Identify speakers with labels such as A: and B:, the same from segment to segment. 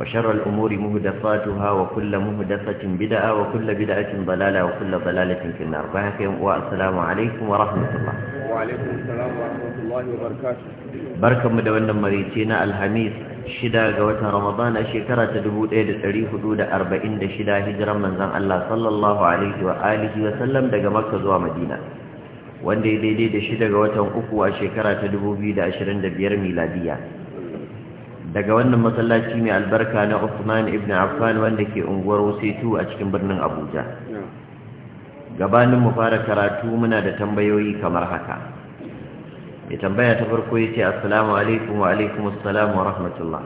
A: وشر الأمور مهدفاتها وكل مهدفة بدعة وكل بدعة ضلالة وكل ضلالة في النار بحكم والسلام عليكم ورحمة الله وعليكم السلام ورحمة الله وبركاته بركة مدونة مريتنا الحميس شدا قوات رمضان شكرة تدبود ايد الاري حدود أربعين دا شدا هجرا من زن الله صلى الله عليه وآله وسلم دا مكة زوا مدينة وان دي دي دي دا شدا قوات أكوا شكرة تدبو بيد أشرين دا بير ميلادية daga wannan masallaci mai albarka na Uthman ibn Affan wanda ke unguwar Wasaitu a cikin birnin Abuja gabanin mu fara karatu muna da tambayoyi kamar haka ya tambaya ta farko yace assalamu alaikum wa alaikum assalam wa rahmatullah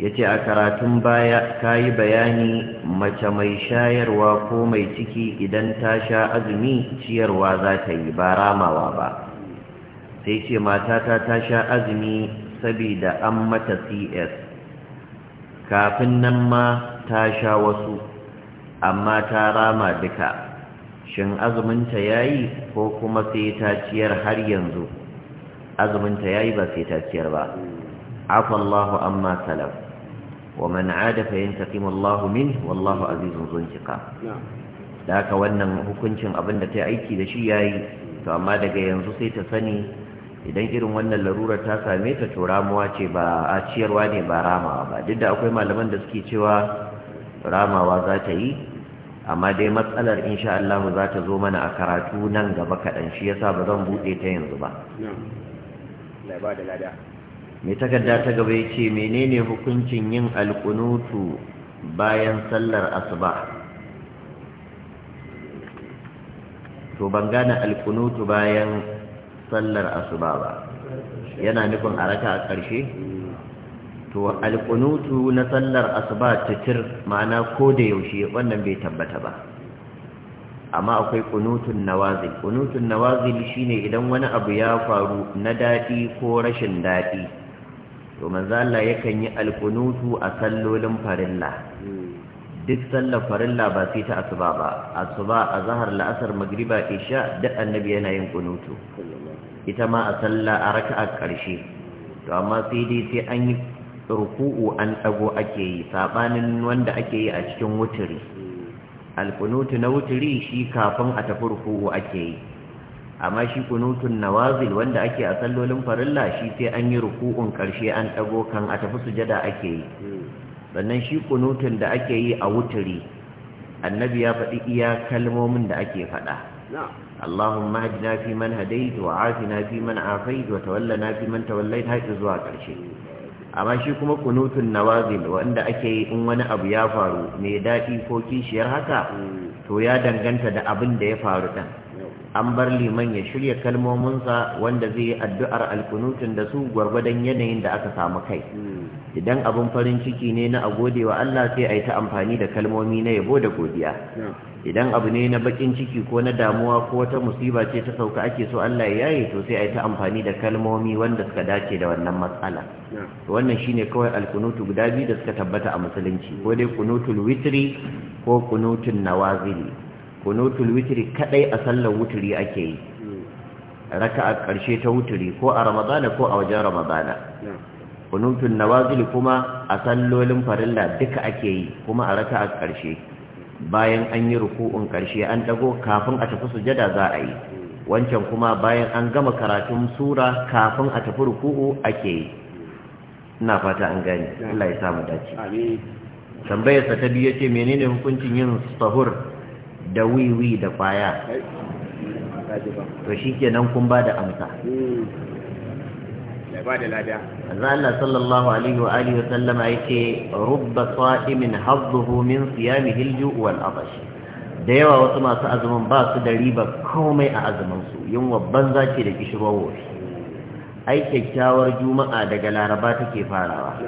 A: yace a karatun baya kayi bayani mace mai shayarwa ko mai ciki idan ta sha azumi ciyarwa za ta yi ba ramawa ba sai ce matata ta sha azumi sabida an mata cs kafin nan ma ta sha wasu amma ta rama duka shin azuminta ya yi ko kuma sai ta ciyar har yanzu azuminta ya yi ba sai ta ciyar ba afallahu amma salaf wa man ada fa yantaqimu Allah min wallahu azizun zunjika da haka wannan hukuncin abinda ta aiki da shi yayi to amma daga yanzu sai ta sani idan irin wannan larurar ta same ta to ramuwa ce ba a ciyarwa ne ba ramawa ba duk da akwai malaman da suke cewa ramawa za ta yi amma dai matsalar insha Allah za ta zo mana a karatu nan gaba kaɗan shi yasa ba zan buɗe ta yanzu ba mai takarda ta gaba ya menene hukuncin yin alkunutu bayan sallar asuba to ban gane alkunutu bayan sallar asuba ba yana nufin a raka a ƙarshe to alƙunutu na sallar asuba titir ma'ana ko da yaushe wannan bai tabbata ba amma akwai ƙunutun nawazil ƙunutun nawazil shine idan wani abu ya faru na daɗi ko rashin daɗi to manzo yakan yi alƙunutu a sallolin farilla duk sallar farilla ba sai ta asuba ba asuba a zahar la'asar magriba isha duk annabi yana yin kunutu. ita ma a salla a raka'a ƙarshe to amma sai dai sai an yi ruku'u an ɗago ake yi saɓanin wanda ake yi a cikin wuturi alkunutu na wuturi shi kafin a tafi ruku'u ake yi amma shi kunutun nawazil wanda ake a sallolin farilla shi sai an yi ruku'un ƙarshe an ɗago kan a tafi sujada ake yi sannan shi kunutun da ake yi a wuturi annabi ya faɗi iya kalmomin da ake faɗa اللهم اهدنا فيمن هديت وعافنا فيمن عافيت وتولنا فيمن توليت هاي zuwa ƙarshe amma shi kuma kunutun nawazil wanda ake yi in wani abu ya faru mai daɗi ko kishiyar haka to ya danganta da abin da ya faru ɗan an bar liman ya shirya kalmominsa wanda zai yi addu'ar alkunutun da su gwargwadon yanayin da aka samu kai idan abin farin ciki ne na agode wa Allah sai a yi ta amfani da kalmomi na yabo da godiya idan abu ne na bakin ciki ko na damuwa ko wata musiba ce ta sauka ake so Allah ya yaye to sai a yi ta amfani da kalmomi wanda suka dace da wannan matsala wannan shine kawai alkunutu guda biyu da suka tabbata a musulunci ko dai kunutul witri ko kunutun nawazili kunutul witri kadai a sallar wuturi ake yi raka a ƙarshe ta wuturi ko a ramadana ko a wajen ramadana kunutun nawazil kuma a sallolin farilla duka ake yi kuma a raka a ƙarshe bayan an yi ruku'un ƙarshe an dago kafin a tafi sujada za a yi wancan kuma bayan an gama karatun sura kafin a tafi ruku'u ake yi ina fata an gani, Allah ya samu dace tambayar sa ta biyu ce menene hukuncin yin sahur da wiwi da kwaya to shi ke nan kun ba da amsa za hmm. Allah sallallahu alaihi wa alihi wasallama ya ce rubba min hazzuhu min siyami hilju wal abash da yawa wasu masu azumin ba su da riba komai a azuminsu yunwa banza ce da kishirwa wofi ai kyakkyawar juma'a daga laraba take farawa